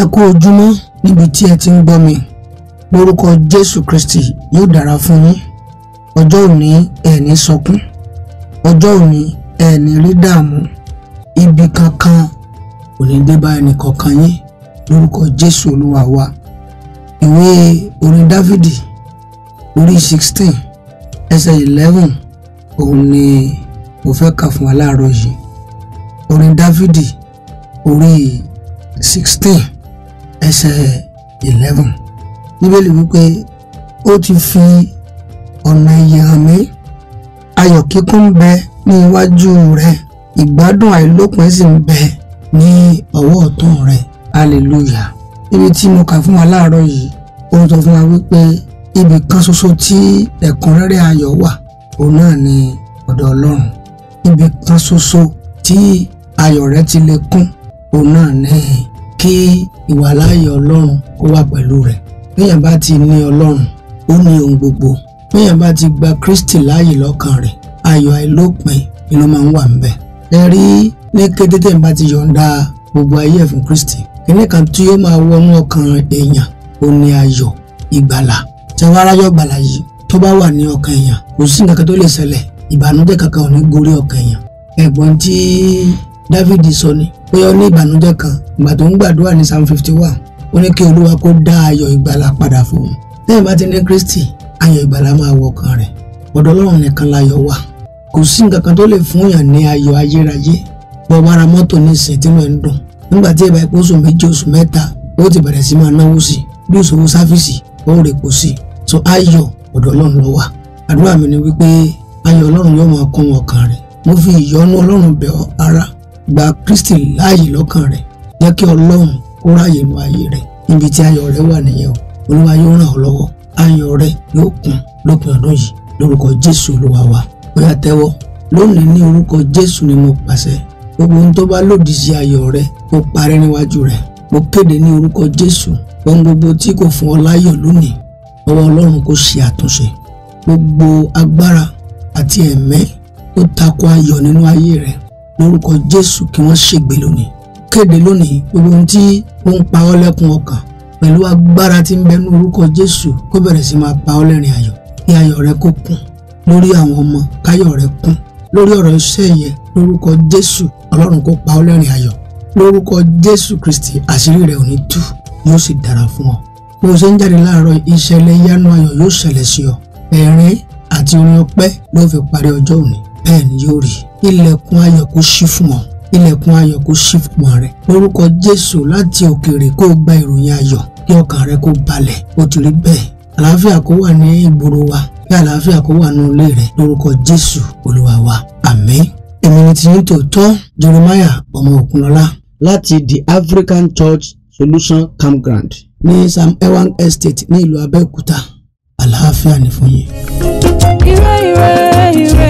ẹ kú ojúmọ́ níbi tí ẹ ti ń gbọ́ mi lórúkọ jésù kristi yóò dára fún yín ọjọ́ òní ẹ̀ẹ́ni sọkún ọjọ́ òní ẹ̀ẹ́ni rí dààmú ibi kankan kò ní dé bá ẹnì kankan yín lórúkọ jésù olúwa wa ìwé orin dávìdì orí sixteen ẹsẹ̀ eleven òun ni mo fẹ́ kà fún wa láàárọ̀ yìí orin dávìdì orí sixteen ẹsẹ̀ eleven bíbélì wípé ó ti fi ọ̀nà ìyè hàn mí ayọ̀ kíkún bẹ ní iwájú rẹ ìgbádùn àìlópin sì ń bẹ ní ọwọ́ ọ̀tún rẹ hallelujah ibi tí mo kà fún wa láàárọ̀ yìí ó sọ fún wa wípé ibì kan ṣoṣo tí ẹ̀kúnrẹ́rẹ́ ayọ̀ wà òun náà ni ọ̀dọ̀ ọlọ́run ibì kan ṣoṣo tí ayọ̀ rẹ ti lè kún òun náà ni kí ìwàláàyè ọlọ́run kó wà pẹ̀lú rẹ̀ bẹ́yàn bá ti ní ọlọ́run ó ní ohun gbogbo bẹ́yàn bá ti gba kristi láàyè lọ́kàn rẹ̀ ayọ̀ àìlópin ni ló máa ń wà ńbẹ̀ ẹ rí ní kété tẹ́yìn bá ti yọ̀ǹda gbogbo ayé ẹ̀ fún kristi kíní kan tí ó máa wọnú ọkàn èèyàn ó ní ayọ̀ ìgbàlà tẹwáráyọ̀ gbàlà yìí tó bá wà ní ọkàn èèyàn kò sí nǹkan tó lè ṣẹlẹ̀ ìbànújẹ́ kankan ò ní gorí ọkàn èèyàn ẹ̀gbọ́n tí Dáfídì sọ ni pé ó ní ìbànújẹ́ kan ìgbà tó ń gbàdúrà ní psalm fifty one ó ní kí olúwa kó dá ayọ̀ ìgbàlà padà fún un lẹ́yìn bá ti ní kristi ayọ̀ ìgbàlà máa wọ ọkàn rẹ̀ ọ̀dọ̀ ọlọ́run nìkan láyọ̀ wà kò sí nǹkan kan tó lè fún yàn ní ayọ̀ ayérayé bọ́ bá mọ́tò ní ìsìn tí mo ń dùn nígbà tí ìbá epo méjì oṣù mẹ́ta ó ti bẹ̀rẹ̀ sí máa náwó sí bí òṣòwò sáfìsì ó ń rèpo sí so ayọ̀ ọ̀dọ̀ ọlọ́run ló wà àdúrà mi ni wípé ayọ̀ ọlọ́run yóò máa kún ọkàn ara gba Kristi láàyè lọ́kàn rẹ jẹ́ kí Ọlọ́run kó ráàyè lu ayé rẹ níbi tí ayọ̀ rẹ wà nìyẹn o Olúwa yóò ràn ọ́ lọ́wọ́ ayọ̀ rẹ yóò kún lópin ọdún yìí lórúkọ Jésù Olúwa wa bóyá tẹ́wọ́ lónìí ní orúkọ Jésù ni mo pàṣẹ gbogbo ohun tó bá lòdì sí ayọ̀ rẹ mo parẹ́ níwájú rẹ mo kéde ní orúkọ Jésù ohun gbogbo tí kò fún ọ láyọ̀ lónìí ọwọ́ Ọlọ́run kò ṣe àtúnṣe gbogbo agbára àti ẹ̀mẹ́ tó tako ayọ̀ nínú ayé rẹ̀ lórúkọ jésù kí wọ́n ṣègbè lónìí kéde lónìí gbogbo ohun tí ó ń pa ọ́ lẹ́kùn ọkàn pẹ̀lú agbára tí ń bẹ ní orúkọ jésù kó bẹ̀rẹ̀ sí máa pa ọ́ lẹ́rìn ayọ̀ kí ayọ̀ rẹ kó kún lórí àwọn ọmọ káyọ̀ rẹ kún lórí ọ̀rọ̀ iṣẹ́ yẹ lórúkọ jésù ọlọ́run kó pa ọ́ lẹ́rìn ayọ̀ lórúkọ jésù kristi àṣírí rẹ ò ní tú yóò sì dára fún ọ bó o ṣe ń jáde láàárọ̀ ìṣẹ̀lẹ̀ yánú ayọ̀ yóò ṣẹlẹ̀ sí ọ ẹ̀rín àti orin ọpẹ́ ló fi parí ọjọ́ òní bẹ́ẹ̀ ni yóò rí i ilẹ̀kùn ayọ̀ kó ṣí fún ọ ilẹ̀kùn ayọ̀ kó ṣí fún ọ rẹ lórúkọ Jésù láti òkèèrè kó o gba ìròyìn ayọ̀ kí ọkàn rẹ kó balẹ̀ ó ti rí bẹ́ẹ̀ àlàáfíà kó wà ní ìgboro wa kí àlàáfíà kó wà ní ilé rẹ lórúkọ Jésù Olúwa wa àmín èmi ni tiyín tòótọ́ Jeremiah ọmọ Òkunlọ́lá láti the African Church Solution Campground ní Sam Ewan Estate ní ìlú Abẹ́òkúta àlàáfíà ni fún yín. ire ire ire.